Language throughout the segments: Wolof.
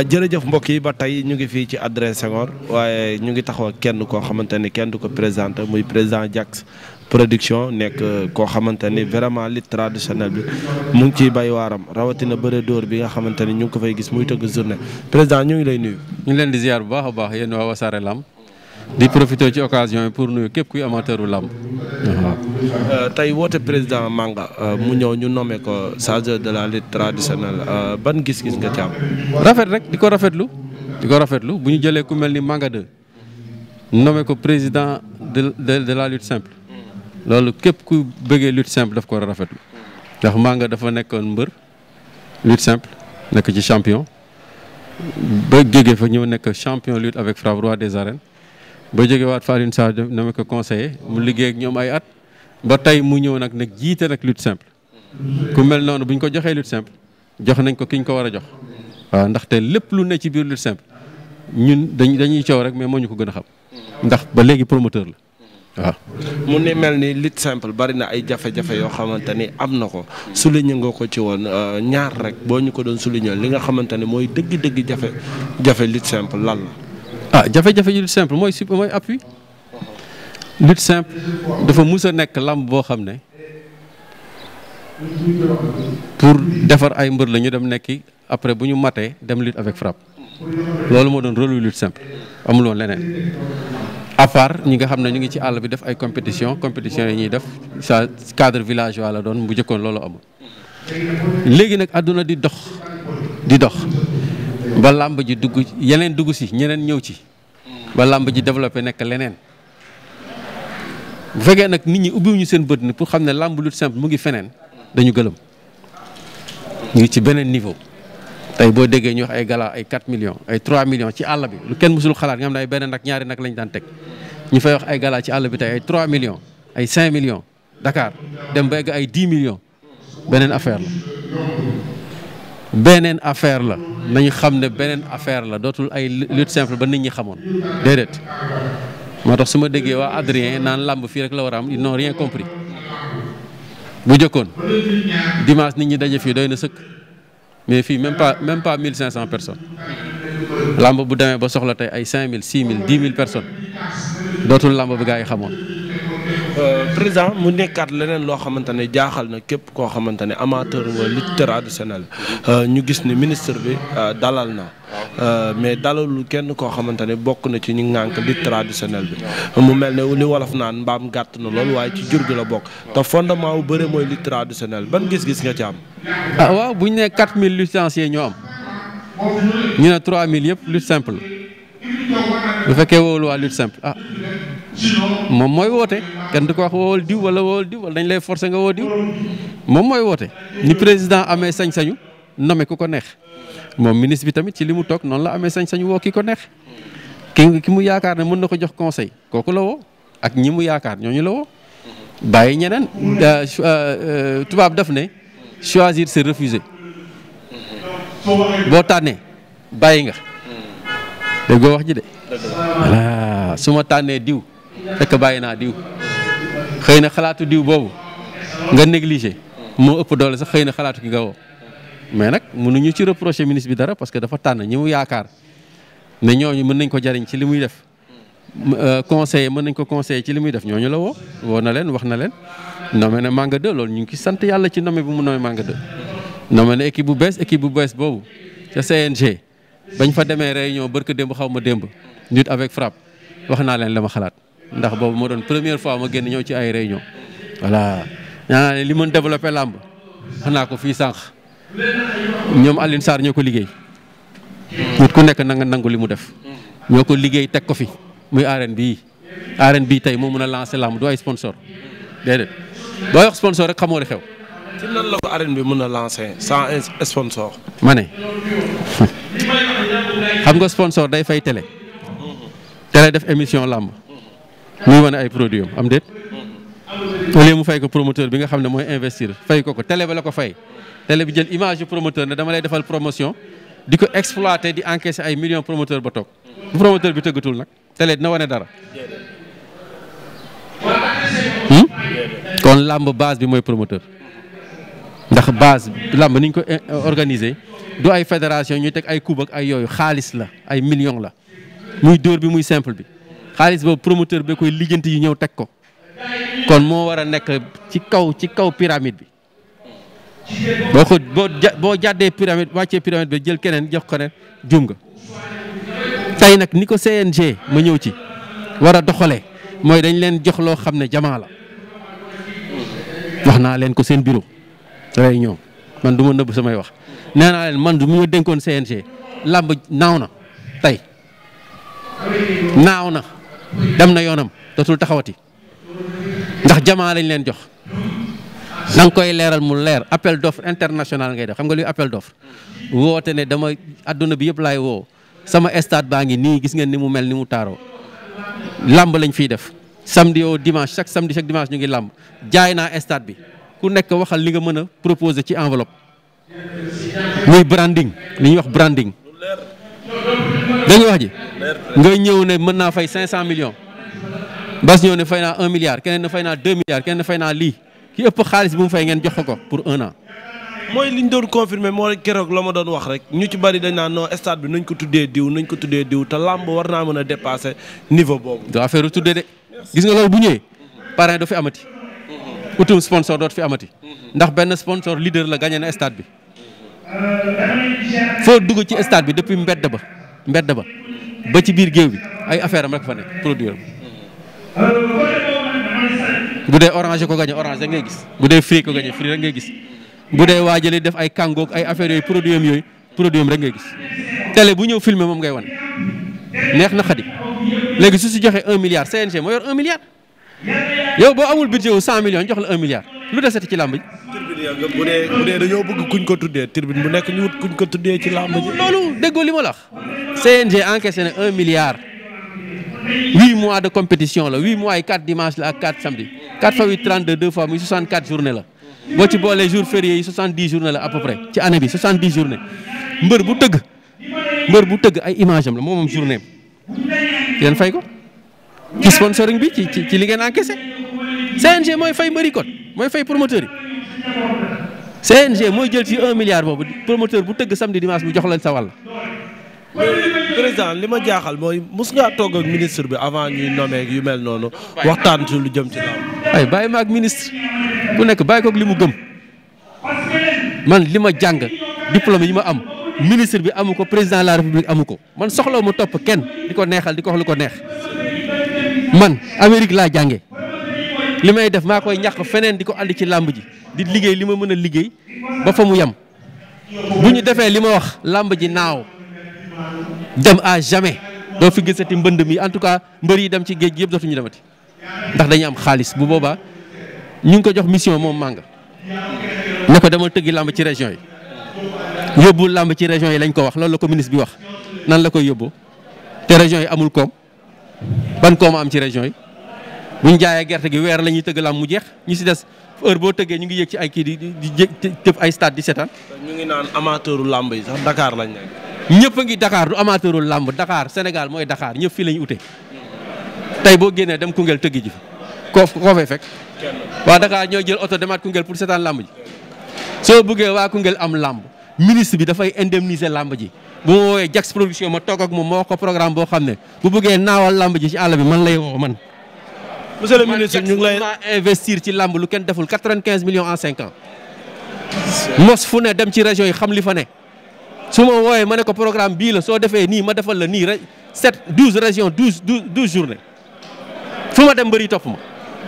waaw euh, jërëjëf mbokk yi ba tey ñu ngi fii ci Adrien Senghor waaye ñu ngi taxaw kenn koo xamante ni kenn du ko présenté muy président Diaks production nekk euh, koo xamante ni vraiment li traditionnel bi mu ngi ciy bay waaram rawatina bëre dóor bi nga xamante ni ñu ngi ko fay gis muy tëgg journée président ñu ngi lay nuyu. ñu ngi leen di ziar bu baax a baax yéen waa Wassare Lamb di profité ci occasion yi pour nuyu képp kuy amateuru làmb waaw. Euh, tey woote président Manga euh, mu ñëw ñu nommé ko chargé de la lutte traditionnelle euh, ban gis-gis nga ci am. rafet rek di ko rafetlu di ko rafetlu bu ñu jëlee ku mel ni Manga 2 nommé ko président de de la lutte simple loolu képp ku bëggee lutte simple daf ko war a rafetlu ndax Manga dafa nekkoon mbër lutte simple nekk ci champion ba jógee fa ñëw nekk champion lutte avec frappe roi des arènes. ba jógewaat Farine saa na ma ko conseillé mu liggéey ak ñoom ay at ba tey mu ñëw nag nag jiite nag lutte simple ku mel noonu bu ñu ko joxee lutte simple jox nañ ko ki ñu ko war a jox waaw ndaxte lépp lu ne ci biir lutte simple ñun dañ dañuy coow rek mais moo ñu ko gën a xam ndax ba léegi promoteur la waaw mu ni mel ni lutte simple bari na ay jafe-jafe yoo xamante ni am na ko souligné nga ko ci woon euh, ñaar rek boo ñu ko doon souligné li nga xamante ne mooy dëgg-dëgg jafe jafe lutte simple lan la Ah, jafe-jafe yu lutte simple mooy su mooy appui lutte simple dafa mus a nekk làmb boo xam ne pour defar ay mbër lañu dem nekki après bu ñu matee dem lutte avec frappe loolu moo doon rôle lutte simple amul leneen à part ñi nga xam ne ñu ngi ci àll bi def ay compétition compétition yi ñuy def sa cadre village la doon bu jëkkoon loolu amul léegi nag àdduna di dox di dox ba làmb ji dugg yeneen dugg si ñeneen ñëw ci ba làmb ji développé nekk leneen bu fekkee nag nit ñi ñu seen bët ni pour xam ne làmb lu simple mu ngi feneen dañu gëlëm ñu ngi ci beneen niveau tey boo déggee ñu wax ay gala ay 4 millions ay 3 millions ci àll bi lu kenn mësul xalaat nga xam ne ay beneen nag ñaari nag lañ daan teg ñu fay wax ay gala ci àll bi tey ay million ay 5 millions Dakar dem ba egg ay 10 millions beneen affaire la beneen affaire la nañ xam ne beneen affaire la dootul ay lutte simple ba nit ñi xamoon déedéet moo tax su ma déggee waa Adrien naan làmb fii rek la war a am ils n'ont rien compris bu jëkkoon dimanche nit ñi daje fii doy na sëkk mais fii même pas même pas 1500 personnes làmb bu demee ba soxla tey ay 5000 6000 10000 personnes dootul làmb bi gaa yi xamoon. Euh, président mu nekkaat leneen loo xamante ne jaaxal na képp koo xamante ne amateur nga lutte traditionnelle euh, ñu gis ni ministre bi euh, dalal na mais dalalul kenn koo xamante ne bokk na ci ñu ŋànk lutte traditionnelle bi mu mel ne li wolof naan mbaam gàtt na lool waaye ci jur gi la bokk te fondement wu bëre mooy lutte traditionnelle ban gis-gis nga ci am. ah waaw bu ñu nee 4000 licenciés ñoo am ñu ne 3000 yëpp lutte simple bu fekkee woowul waa lutte simple ah moom mooy woote. kenn du ko wax wool diw wala wool diw wala dañ lay forcer nga woo diw moom mooy woote ni président amee sañ-sañu nome ku ko neex moom ministre bi tamit ci li mu toog noonu la amee sañ-sañu woo ki ko neex ki ki mu yaakaar ne mën na ko jox conseil kooku la woo ak ñi mu yaakaar ñooñu la woo bàyyi ñeneen euh, euh, tubaab daf ne choisir c'est refuser boo tànnee bàyyi nga déggoo wax ji de suma tànnee diw fekk bàyyi naa diw xëy na xalaatu diw boobu nga négligé moo ëpp doole sax xëy na xalaatu ki nga woo mais nag mënuñu ci reprocher ministre bi dara parce que dafa tànn ñi mu yaakaar ne ñooñu mën nañ ko jariñ ci li muy def euh, conseiller mën nañ ko conseiller ci li muy def ñooñu la woo woo na leen wax na leen nommé na Manga 2 loolu ñu ngi sant yàlla ci nommé bu mu nommé Manga 2 nommé ne équipe bu bees équipe bu bees boobu ca CNG bañ fa demee réunion barka démb xaw ma démb nit avec wax naa leen la ma xalaat ndax boobu moo doon première fois ma génn ñëw ci ay réunion voilà ñaa ne li mën développé làmb xanaa ko fii sànq ñoom Alioune Sarr ñoo ko liggéey nit ku nekk na nga nangu li mu def ñoo ko liggéey teg ko fi muy arène bii arène bii tey moo mën a lancé làmb du ay sponsor déedéet booy wax sponsor rek xamoo li xew bi mën a lancé sans sponsor ma ne xam nga sponsor day fay télé télé def émission làmb muy wane ay produit am déet au lieu mu fay ko promoteur bi nga xam ne mooy investir fay ko ko télé ba la ko fay télé bi jël image yu promoteur ne dama lay defal promotion di ko exploité di encaissé ay millions promoteur ba toog bu promoteur bi tëggatul nag télé dina wane dara hmm? kon làmb base bi mooy promoteur ndax base làmb niñ ko eh, organisé du ay fédération ñuy teg ay coupe ay yooyu xaalis la ay millions la muy dóor bi muy simple bi xaalis boobu promoteur bee koy lijjanti yu ñëw teg ko kon moo war a nekk ci kaw ci kaw pyramide bi boo ko boo jàddee pyramide wàccee pyramide bi jël keneen jox ko ne jum tey nag ni ko CNG ma ñëw ci war a doxalee mooy dañ leen jox loo xam ne jamaa la wax naa leen ko seen bureau réunion man du ma nëbb samay wax nee naa leen man du mu ma dénkoon CNG làmb naaw na tey naaw na dem na yoonam dootul taxawati ndax jamaa lañ leen jox da koy leeral mu leer appel d'offre international ngay def xam nga luy appel d'offre te ne dama àdduna bi yëpp laay woo sama stade baa ngi nii gis ngeen ni mu mel ni mu taaro làmb lañ fiy def samedi au dimanche chaque samedi chaque dimanche ñu ngi làmb jaay naa stade bi ku nekk waxal li nga mën a proposer ci enveloppe muy branding li ñuy wax branding dégg nga wax ji ngay ñëw ne mën naa fay cinq cent millions bas ñëw ne fay naa 1 milliard keneen ne fay naa 2 milliards keneen ne fay naa lii ki ëpp xaalis bu mu fay ngeen jox ko pour un an. mooy li ñu doon confirmé moo keroog la ma doon wax rek ñu ci bari dañ naa non stade bi nañ ko tuddee diw nañ ko tuddee diw te làmb war naa mën a dépassé niveau boobu. du affaire tuddee de gis nga loolu bu ñëwee parrain doo fi amati. utum sponsor dootu fi amati. ndax benn sponsor leader la gagné na stade bi. foo dugg ci stade bi depuis mbedd ba. mbedd ba ba ci biir géew bi ay affaire am rek fa nekk produit bu dee orange ko gañe orange rek ngay gis bu dee free ko gañe free rek ngay gis bu dee waajali def ay kàngoog ay affaire yooyu produit yooyu produit am rek ngay gis télé bu ñëw filmé moom ngay wan neex na xadi léegi su si joxee un milliard CNG moo yor un milliard yow boo amul budget wu cent millions jox la un milliard lu desati ci làmb ji ko tuddee nekk ñu wut loolu déggoo li ma la CNG encaissé na un milliard huit mois de compétition la huit mois yi quatre dimanche la ak quatre samedi quatre fois huit trente deux deux fois muy soixante quatre journée la boo ci boolee jours fériés yi soixante dix journée la à peu près ci année bi soixante dix journée mbër bu tëgg ay image am la moom moom journée yéen fay ko ci sponsoring bi ci ci li ngeen encaissé CNG mooy fay mbëri kon mooy fay promoteur yi CNG mooy jël ci un milliard boobu promoteur bu tëgg samedi dimanche bu jox leen sa président li ma jaaxal mooy mos ngaa toog ak ministre bi avant ñuy nommé yu mel noonu waxtaan ci lu jëm ci ay bàyyi ma ak ministre ku nekk bàyyi ko li mu gëm man li ma jàng diplôme yi ma am ministre bi amu ko président de la république amu ko man soxlaw ma topp kenn di ko neexal di ko wax lu ko neex man Amérique laa jànge li may def maa koy ñàkk feneen di ko andi ci làmb ji di liggéey li ma mën a liggéey ba fa mu yem bu ñu defee li ma wax làmb ji naaw dem à jamais doo fi gisati mbënd mi en tout cas mbër yi dem ci géej gi yëpp dootuñu demati ndax dañu am xaalis bu boobaa ñu ngi ko jox mission moom Manga ne ko demal tëggi làmb ci région yi yóbbu làmb ci région yi lañ ko wax loolu la ko ministre bi wax nan la koy yóbbu te région yi amul koom ban koom am ci région yi buñ jaayee gerte gi weer la ñuy tëgg làmb mu jeex ñu si des heure boo tëggee ñu ngi yëg ci ay kii di di tëb ay stade di seetaan. ñu ngi naan amateuru làmb yi sax lañ nekk ñëpp a ngi Dakar du amateurul làmb Dakar Sénégal mooy Dakar ñëpp fii la ñu ute tey boo génnee dem Koungheul tëggi ji ko koo fay fekk waa Dakar ñooy jël oto demaat Koungheul pour seetaan làmb ji soo bëggee waa Koungheul am làmb ministre bi dafay indemniser làmb ji bu ma woowee Jax production ma toog ak moom ma wax ko programme boo xam ne bu bëggee naawal làmb ji ci àll bi man lay woo man. monsieur le ministre ñu investir ci làmb lu kenn deful quatre-vingt-quinze millions en cinq ans. mos fu ne dem ci région yi xam li fa ne. su ma wooyee ma ne ko programme bii la soo defee nii ma defal la nii rek sept douze région douze douze journées fu ma dem mbëri topp ma.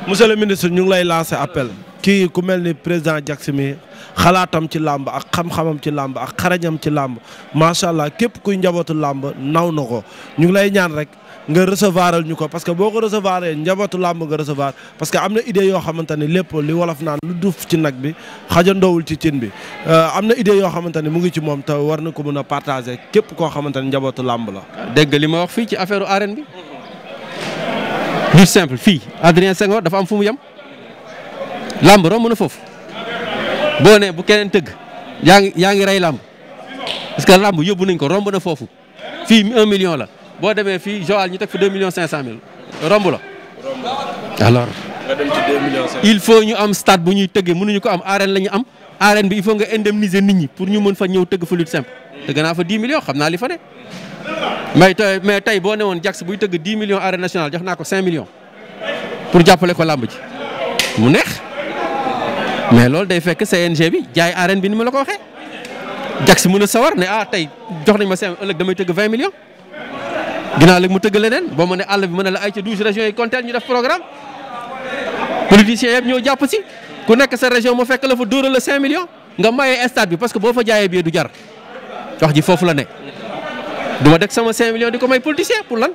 monsieur le ministre ñu ngi lay lancer appel. kii ku mel ni président Diaks mi xalaatam ci làmb ak xam-xamam ci làmb ak xarañam ci làmb macha allah képp kuy njabootu làmb naw na ko ñu ngi lay ñaan rek. nga recevoiral ñu ko parce que boo ko recevoiree njabootu làmb nga recevoir parce que am na idée yoo xamante ne lépp li wolof naa lu duf ci nag bi xajandoowul ci cin bi euh, am na idée yoo xamante ne mu ngi ci moom te war na ko mën a partager képp koo xamante ne njabootu làmb la. dégg li ma wax fii ci affaire arène bi. du simple fii Adrien Senghor dafa am fu mu yem. làmb romb na foofu. boo nee bu keneen tëgg. yaa ngi yaa ngi rey làmb. parce que làmb yóbbu nañ ko romb na foofu. fii un million la. boo demee fii Joal ñu teg fa 2 millions 500 mille romb la. alors. nga dem ci 2 il faut ñu am stade bu ñuy tëggee mënuñu ko am arène la ñu am arène bi il faut nga indemniser nit ñi pour ñu mën fa ñëw tëgg fa lutte simple. te gën fa 10 millions xam naa li fa ne. mais tey mais tey boo newoon Jax buy tëgg 10 millions arène nationale jox naa ko 5 millions pour jàppale ko làmb ji mu neex mais loolu day fekk CNG bi jaay arène bi nu ma la ko waxee Jax mën a sawar ne ah tey jox nañ ma 5 ëllëg damay tëgg 20 millions. ginnaaw léegi mu tëgg leneen boo ma ne àll bi ma ne la ay ca douze régions yi compter ñu def programme politiciens yëpp ñoo jàpp si ku nekk sa région mu fekk la fa dóoral la cinq millions nga mayee stade bi parce que boo fa jaayee billet du jar wax ji foofu la ne du ma dëkk sama cinq millions di ko may politicien pour lan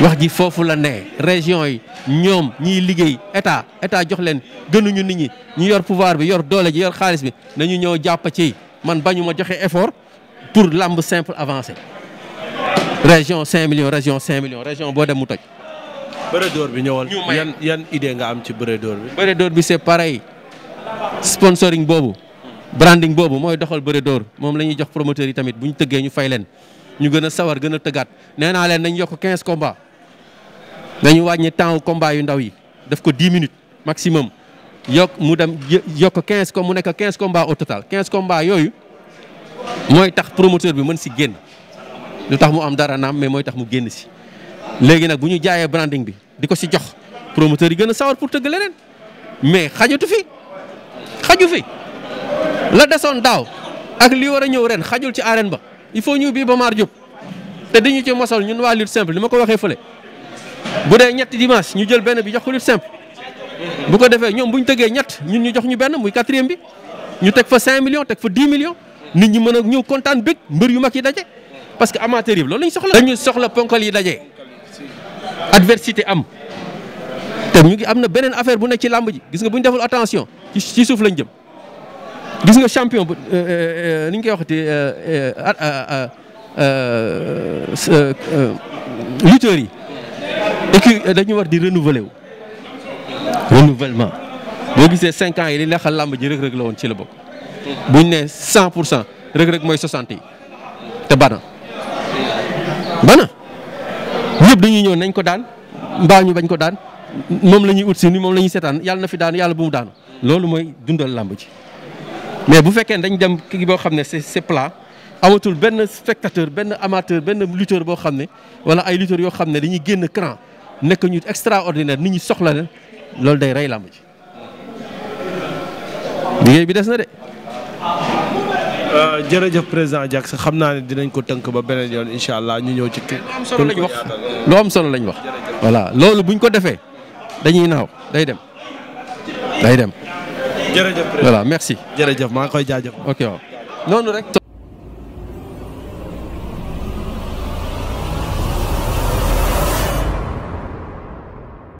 wax ji foofu la ne région yi ñoom ñiy liggéey état état jox leen gënuñu ni ñi ñu yor pouvoir bi yor doole ji yor xaalis bi nañu ñëw jàpp ci man bañu ma joxe effort pour làmb simple avancé région 5 millions région 5 millions région boo dem mu toj. bëre bi ñëwal yan yan idée nga am ci bëre door bi. bëre door bi c'est pareil sponsoring boobu. branding boobu mooy doxal bëre door moom la ñuy jox promoteur yi tamit bu ñu tëggee ñu fay leen ñu gën a sawar gën a tëggaat nee naa leen nañ yokk 15 komba nañu wàññi temps combat yu ndaw yi def ko 10 minutes maximum yokk mu dem yokk 15 comme mu nekk 15 combats au total 15 combats yooyu mooy tax promoteur bi mën si génn. lu tax mu am dara naam mooy tax mu génn si léegi nag bu ñu jaayee branding bi di ko si jox promoteur yi gën a sawar pour tëgg leneen mais xajatu fi xaju fi la desoon daaw ak li war a ñëw ren xajul ci arène ba il faut ñu bii ba maar jub te dañu ci mosal ñun waa lutte simple li ma ko waxee fële bu dee ñetti dimanche ñu jël benn bi jox ko lutte simple bu ko defee ñoom bu ñu tëggee ñett ñun ñu jox ñu benn muy quatrième bi ñu teg fa 5 millions teg fa 10 millions nit ñi mën a ñëw kontaan bëgg mbër yu mag yi daje. parce que amateur yi loolu lañ soxla. dañu soxla ponkal yi daje. adversité am te ñu ngi am na beneen affaire bu nekk ci làmb ji gis nga buñ ñu deful attention ci suuf lañ jëm gis nga champion bu euh, euh, euh, ni ñu koy waxati lutteurs yi et puis war di renouveler wu renouvellement boo gisee cinq ans yi li neexal làmb ji rëg-rëg la ci la bokk ne cent pour cent rëg-rëg mooy soixante te bana bana ñëpp dañuy ñëw nañ ko daan mbaa ñu bañ ko daan moom la ñuy ut si ni moom la ñuy seetaan yàlla na fi daan yàlla bu mu daanu loolu mooy dundal làmb ci mais bu fekkee dañ dem kii boo xam ne c'est c'est plat amatul benn spectateur benn amateur benn lutteur boo xam ne wala ay lutteurs yoo xam ne dañuy génn cran nekk ñu extraordinaire nit ñi soxla leen loolu day rey làmb ci liggéey bi des na de. Euh, jërëjëf président Diack sax xam naa ne dinañ ko tënk ba beneen yoon incha allah ñu ñëw ci. lu am solo lañ wax. voilà loolu buñ ko defee dañuy naaw day dem day dem. jërëjëf voilà merci. jërëjëf maa ngi koy jaajëf. ok waaw noonu rek.